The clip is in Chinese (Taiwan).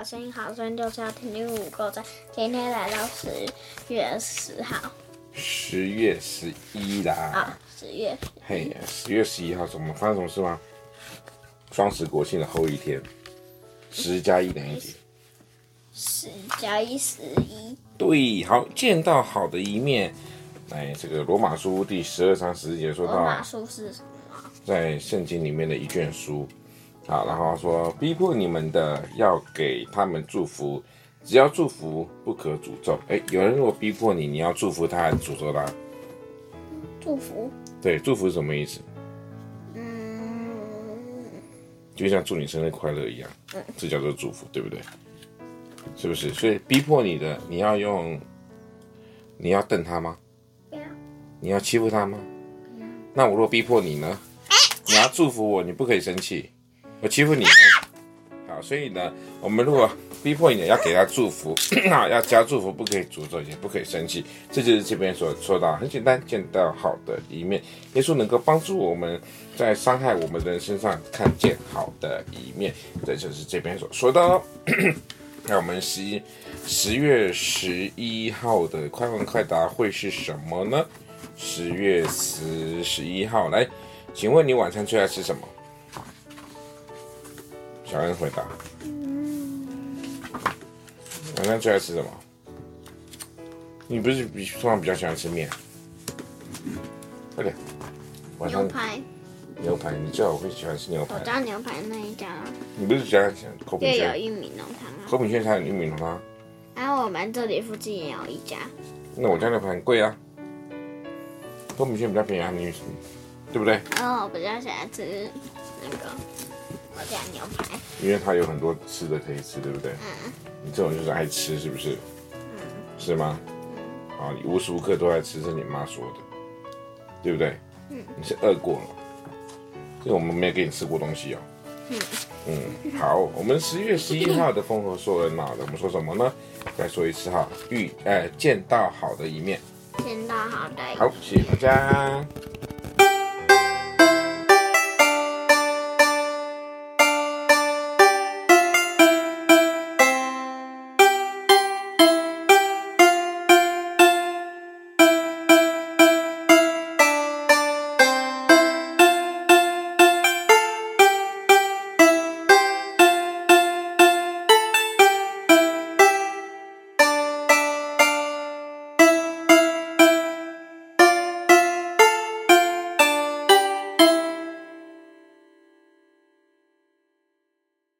好聲音，好聲音就是要 Ting Ting。今天來到十月十號，十月十一啦。啊、哦，十月十。嘿，十月十一號，怎麼發生什麼事嗎？雙十國慶的後一天，十加一等於幾？十加一十一。對，好，見到好的一面。哎，這個羅馬書第十二章十節說到，羅馬書是什麼，在聖經裡面的一卷書。好，然後說，逼迫你們的要給他們祝福，只要祝福，不可詛咒。哎，有人如果逼迫你，你要祝福他，詛咒他？祝福。對，祝福是什麼意思？嗯，就像祝你生日快樂一樣。嗯，這叫做祝福，對不對？是不是？所以逼迫你的，你要用，你要瞪他嗎？嗯、你要欺負他嗎？嗯、那我若逼迫你呢？你要祝福我，你不可以生氣。我欺負你，好，所以呢，我們如果逼迫一點，要給他祝福，要加祝福，不可以詛咒，也不可以生氣，這就是這邊所說到，很簡單，見到好的一面，耶穌能夠幫助我們在傷害我們的人身上看見好的一面，這就是這邊所說到、哦。 那我們十十月十一號的快問快答會是什麼呢？十月十十一號，來，請問你晚上最愛吃什麼？小恩回答啊啊：“晚上最愛吃什麼？你不是比通常比較喜歡吃面、啊？快點，晚上，牛排。牛排，你知道我會喜歡吃牛排、啊。我家牛排那一家、啊。你不是喜歡烤餅？也有玉米濃湯有玉米濃湯？啊，我們這裡附近也有一家。那我家牛排很貴啊？烤餅現在比較便宜、啊、對不對？哦，我比較喜歡吃那個。”牛排，因為它有很多吃的可以吃，對不對？嗯。你這種就是愛吃，是不是？嗯、是嗎？嗯。好，你無時無刻都在吃，是你媽說的，對不對？嗯、你是餓過了，因為我們沒給你吃過東西哦。嗯。嗯，好，我們十月十一號的豐禾碩恩？我們說什麼呢？再說一次哈，遇、呃、見到好的一面。見到好的一面。好，謝謝大家。